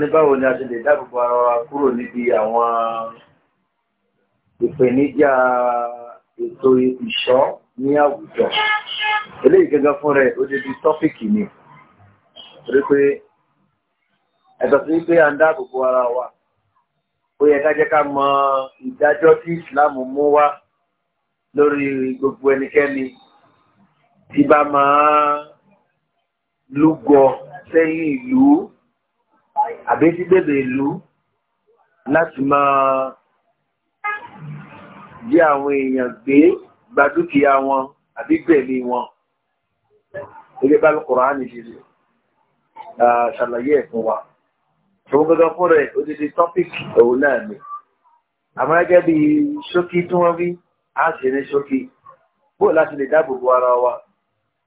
ní báwo ni a ṣe lè dáàbòbò ara wa kúrò níbi àwọn ìpèníjà ètò ìṣọ́ ní àwùjọ eléyìí gẹ́gẹ́ fún rẹ̀ ó débi tọ́pìkì ni torí pé ẹ̀tọ́ sí pé a ń dáàbòbò ara wa ó yẹ ká jẹ́ ká mọ ìdájọ́ tí Islam mú wá lórí gbogbo ẹnikẹ́ni tí bá máa lúgọ sẹ́yìn ìlú àbí sí bèbè ìlú láti máa jí àwọn èèyàn gbé gba dúkìá wọn àbí gbẹ̀mí wọn gẹ́gẹ́ bá Kùránì ṣe ṣàlàyé ẹ̀ fún wa ṣòwò gẹ́gẹ́ fún rẹ̀ odidi tọ́pìkì òun náà ni àmọ́ gẹ́gẹ́ bí ṣókí tí wọ́n rí á ṣe ní ṣókí bó láti lè dáàbò bo ara wa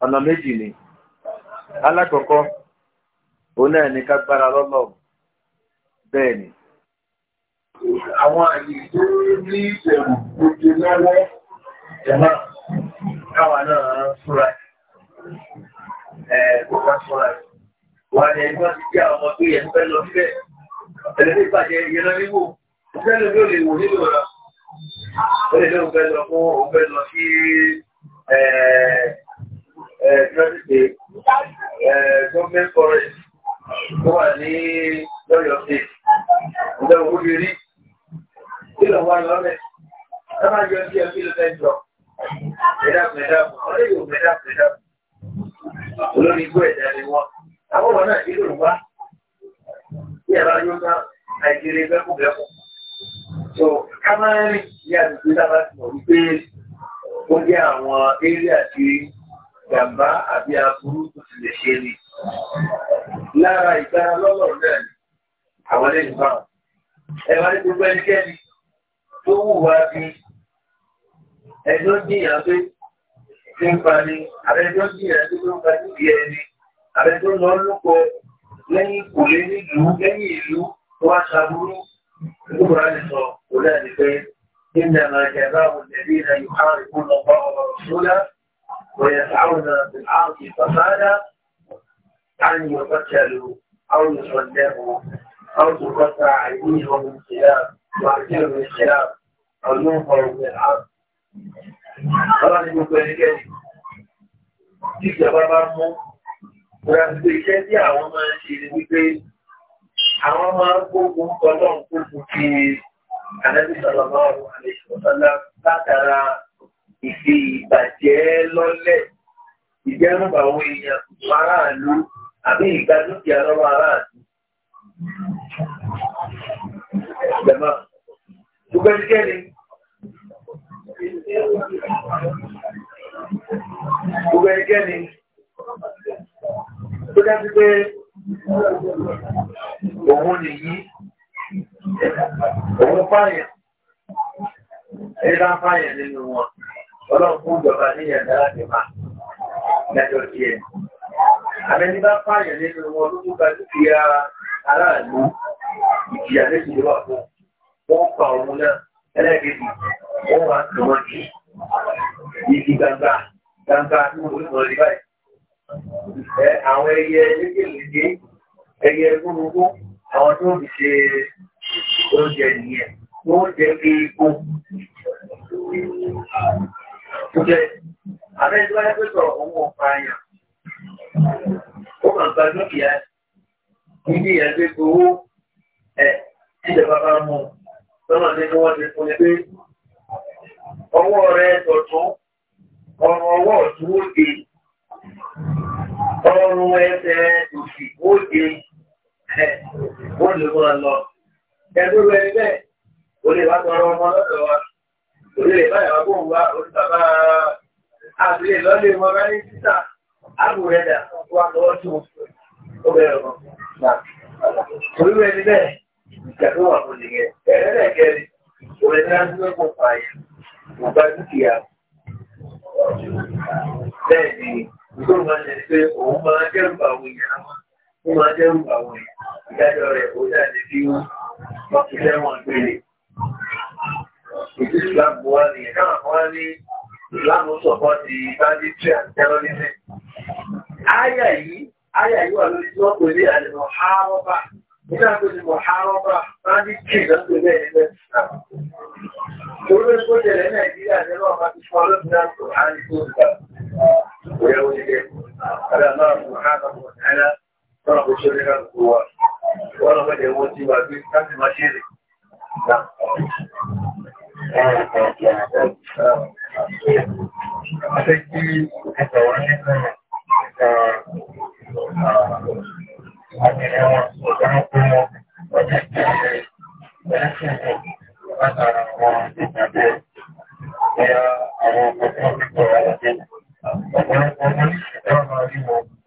ọ̀nà méjì ni alákọ̀ọ́kọ́ òun náà ní ká gbára lọ́lọ́ bẹ́ẹ̀ ni. àwọn àyè tó ní ìbẹ̀rù òjò lọ́wọ́ jẹ̀mọ́ káwa náà fúra ẹ̀ kó ká fúra wà ní ẹgbẹ́ ti jẹ́ àwọn ọmọ tó yẹ fẹ́ lọ síbẹ̀ ẹ̀rẹ́ ní ìyẹn lọ níwò ìfẹ́ lórí ò lè wò nílò rẹ̀ ó lè lóun fẹ́ lọ fún òun fẹ́ lọ sí ẹ̀ẹ́ ẹ̀ẹ́ gọ́ọ̀mẹ́ntì tó wà ní lọ́yọ̀ ṣe ìjọba owó lè rí kí lọ wá lọ́lẹ̀ ẹ máa yọ sí ẹbí lọ́lẹ̀ jọ mẹ́dàbù mẹ́dàbù ọ̀rẹ́ yóò mẹ́dàbù mẹ́dàbù olórí igbó ẹ̀dá ni wọ́n àwọn ọmọ náà yóò wá bí ẹ bá yóò ká àìjírí bẹ́kùbẹ́kù so ká máa rìn ní àdúgbò dábàá ti mọ̀ wípé ó jẹ́ àwọn eré àti gàmbá àbí aburú tó ti lè ṣe ni lára ìgbára lọ́lọ́run náà ni àwọn lè bá wọn. ẹ wá ní gbogbo ẹnikẹ́ni tó wù wá bí ẹni jìyàn pé ti ń pani àbẹ́ni jìyàn pé ló ń pa níbi ẹni àbẹ́ni lọ lóko lẹ́yìn ìkòlé nílùú lẹ́yìn ìlú tó wá ṣàbúrú ìlúra lè sọ kò náà ní pé إنما جزاء الذين يحاربون الله ورسوله ويسعون في الأرض فسادا أن يقتلوا أو يصلبوا أو تقطع أيديهم من خلاف وأرجلهم من خلاف أو ينفروا من الأرض. Ọlọ́run ní gbogbo ẹnikẹ́ni tí ìjọba bá mú ìrànlọ́wọ́ iṣẹ́ tí àwọn máa ń ṣe ni wípé àwọn máa ń gbógun kọlọ́run gbógun ti àdábìsọ̀lọ́mọ́ ọ̀run àlejò látara ìfi ìbàjẹ́ lọ́lẹ̀ ìjẹ́rùbà àwọn èèyàn aráàlú àbí ìgbà dúkìá lọ́wọ́ aráàlú. Ìjọba gbogbo ẹnikẹ́ni gbogbo ẹnikẹ́ni tó dájú pé òun nìyí òun fààyàn ẹni bá fààyàn nínú wọn ọlọ́run fún ìjọba níyàn dára jẹ máa lẹ́jọ́ tiẹ̀. Àbẹ́ni bá pààyàn nínú wọn ló tó ga dúkìá aráàlú ìjìyà méjì ló wà fún. Wọ́n pa òun náà ẹlẹ́gẹ̀dì, wọ́n wá tó wọ́n jì. Ibi gbangba, gbangba ní orúkọ rí báyìí. Ẹ àwọn ẹyẹ lékèlédé, ẹyẹ gbogbo, àwọn tó fi ṣe oúnjẹ nìyẹn. Wọ́n jẹ́ eégún. Ó jẹ́ abẹ́ni tó wáyé pé sọ̀rọ̀ òun ò pààyàn kàn gba dúkìá níbi ẹgbẹ́ gbowó ẹ̀ tíjọba bá mú lọ́nà nínú wọn ti fún ẹgbẹ́ ọwọ́ rẹ tọ̀tún ọrùn ọwọ́ ọ̀tún ó de ọrùn ẹsẹ̀ òsì ó de ẹ̀ wọ́n lè máa lọ ẹgbẹ́ rẹ bẹ́ẹ̀ o lè wá tọrọ ọmọ lọ́dọ̀ wa o lè báyà wá bóun wá o bàbá àbílẹ̀ lọ́lẹ̀ wọn títà àbúrẹ́dà wà lọ́wọ́ ó bẹ̀rẹ̀ wọn. Torí rẹ̀ ni bẹ́ẹ̀, ìjà tó wà fún nìyẹn. Ẹ̀rẹ́ rẹ̀ kẹrin, òun ni láti mẹ́kọ̀ọ́ pààyà, kò gba dúkìá. ni, ìjọ máa ṣe pé òun máa jẹ́rù àwọn èèyàn wọn. Ó máa jẹ́rù àwọn èèyàn. Ìdájọ́ rẹ̀ kò jáde bí wọ́n ti lẹ́wọ̀n gbére. Ìdí ìsìlámù wa nìyẹn. Káwọn kan wá ní Ayà yíwà lórí tí wọ́n pè ní àlèmọ̀ hárọ́bà. Nígbà tó ti mọ̀ hárọ́bà, Sáńdí kì í lọ́pẹ̀ bẹ́ẹ̀ ẹgbẹ́. Torí pé kó jẹ̀rẹ̀ Nàìjíríà ní ọ̀rọ̀ máa ti fún ọlọ́pìnà tó á ní tó gbà. Òyà ó nílé. Adà náà mọ̀ hárọ̀ mọ̀ náírà. Wọ́n kò ṣe nígbà tó wà. Wọ́n lọ mọ̀jẹ̀ wọ́n ti wà bí láti máa ṣe rè. Àfẹ́ kí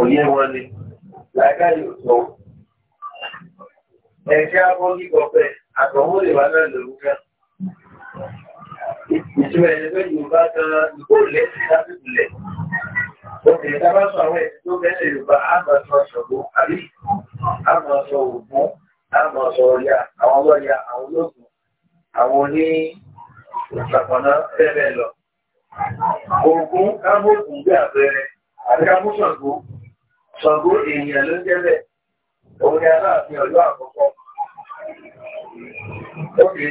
òye wọn ni láìka yóò sọ. ẹ̀ṣẹ́ abọ́ kíkọ fẹ́ àtọ̀wọ́ lè wá náà lòún ká. ìṣúra ẹni pé yorùbá kan ìkó lẹ́sìn lásìkò lẹ̀. obìnrin tá a bá sọ àwọn ẹ̀sìn tó bẹ́ẹ̀ yorùbá á máa sọ ṣọ̀gbọ́n àbí á máa sọ òògùn á máa sọ ọ̀yà àwọn ọlọ́yà àwọn olóògùn àwọn oní ìṣàpọ̀nà bẹ́ẹ̀ lọ. òògùn ká mú òògùn bí àpẹẹrẹ àti ká mú ṣọ̀gbọ́n. Ṣàngó èèyàn ló jẹ́ bẹ̀. Òun ni aláàfin ọ̀dọ́ àkọ́kọ́. Ókè.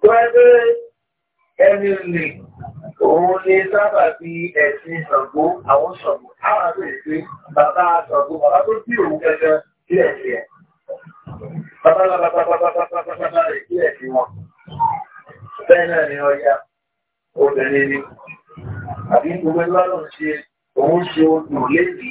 Tó ẹgbẹ́ ẹni lè òun ni sábà fi ẹ̀sìn Ṣàngó àwọn Ṣàngó. Àwọn àti èsì bàbá Ṣàngó bàbá tó bí òun gẹ́gẹ́ sí ẹ̀sìn ẹ̀. Bàbá bàbá rẹ̀ sí ẹ̀sìn wọn. Bẹ́ẹ̀ náà ni ọya obìnrin ni. Àbí gbogbo ẹgbẹ́ lọ́rùn ṣe òun ṣe odò lédìí.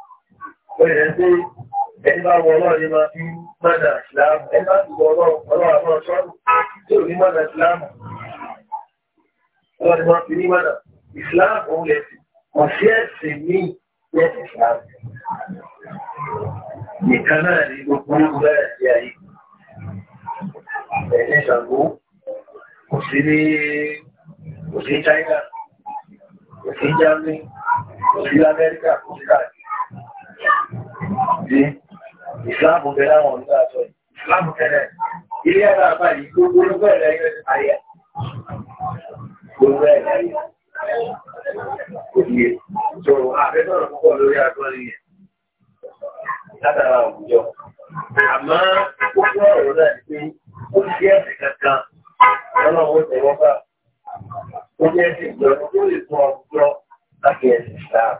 Oyè ń pé ẹni bá wọ ọlọ́run máa fi mọ́nà ìsìláàmù. Ẹni bá ti wọ ọlọ́run ọlọ́run àwọn ṣọ́ọ̀nù tí ò ní mọ́nà ìsìláàmù. Ọlọ́run máa fi ní mọ́nà ìsìláàmù òun lẹ̀sìn. Kò sí China kò Germany kò sí Amẹ́ríkà sí ìsìláàmù bẹ láwọn ọdún àṣọ ìsìláàmù tẹ́lẹ̀ ilé ẹ̀rọ àbáyé gbogbo olóko ẹ̀rọ ẹ̀rọ ayẹ gbogbo ẹ̀rọ ayẹ òye tó àfẹ́sọ̀rọ̀ púpọ̀ lórí àgbọ̀n nìyẹn látara àwùjọ àmọ́ gbogbo ọ̀rọ̀ náà ti ó ti ẹ̀sìn kankan lọ́nà owó tẹ̀wọ́ bá ó jẹ́ ẹ̀sìn ìjọba tó lè fún ọ̀rọ̀ láti ẹ̀sìn ìsìláàmù.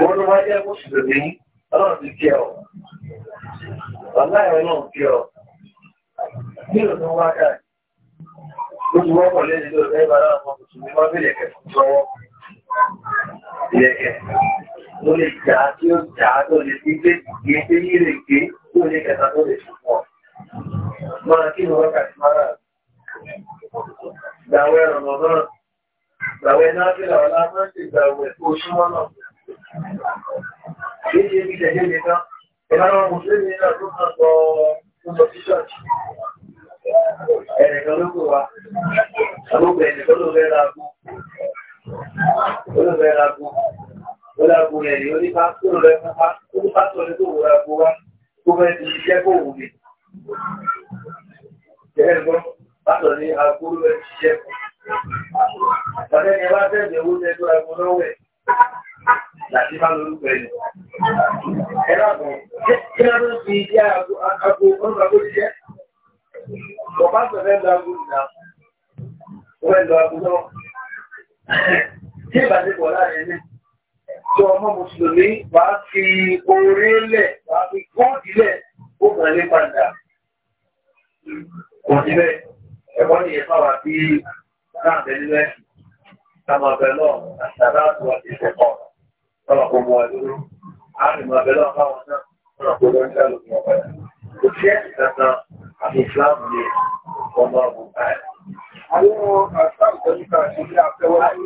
Wọ́n ló wá jẹ́ mùsùlùmí ọlọ́run ti kí ẹ ọ ọ̀la ẹ̀ ọlọ́run kí ọ kí ló tó wá dà ó ti wọ́pọ̀ lẹ́yìn tó fẹ́ bá láwọn ọmọ mùsùlùmí wọ́n fi lẹ̀kẹ̀ fún sọ́wọ́ lẹ̀kẹ̀ tó lè jà tí ó jà tó lè fi gbé gbé gbé yí lè gbé tó lè kẹta tó lè fún ọ. Máa kí ló wákàtí mára gbàwé ọ̀rọ̀ náà gbàwé náà fi làwọn lábọ́n ti gbàwé oṣù mọ́nà kì í ṣe ibi tẹ̀lé nìkan ìlànà mùsùlùmí náà ló máa sọ ọmọ sí ṣọ́ọ̀ṣì ẹnìkan ló kó wa àbúkù ẹnìkan ló fẹ́ ra kú ló fẹ́ ra kú ó lágbo rẹ̀ ní onípa tó lọ fún pa ó ní pásítọ̀ ní kò wúra kó wa kó fẹ́ fi iṣẹ́ kó wù mí. Ìjẹ́ ìgbọ́ pásítọ̀ ní agbóró ẹ̀ ṣiṣẹ́. Bàtẹ́ni ẹ bá fẹ́ bẹ̀wò tẹ́tọ́ ẹ̀kọ́ lọ́wọ́ ẹ̀ láti bá lórúkọ ẹni. Ẹ̀rọ àgbọ̀n, kí ló ló fi iṣẹ́ àgbo ọ̀nà àgbo ṣiṣẹ́? Bọ̀bá sọ̀rọ̀ lọ àgbo ìgbà, ó ẹ̀ lọ àgbo náà. Tí ìbàdíkọ̀ láàrin ní, tí ọmọ Mùsùlùmí wàá fi orí lẹ̀, wàá fi góòdì lẹ̀, ó kàn lé padà. Kò sí bẹ́ẹ̀, ẹ̀kọ́ nìyẹn fáwọn àti láàbẹ̀ nílẹ̀. Kàmọ̀ bẹ̀ lọ, àtàlá àti ìṣẹ̀kọ̀ọ̀ tọ́nà kò mú wa dúró àrùn abẹ́ lọ́wọ́ báwọn náà tọ́nà kò lọ́wọ́ nígbà lókè wọn padà kò sí ẹ̀sìn kankan àti Islam ní ọmọ ọ̀gbọ̀n báyìí. àwọn àṣà ìtọ́jú kan àti ilé afẹ́wọ́ láyé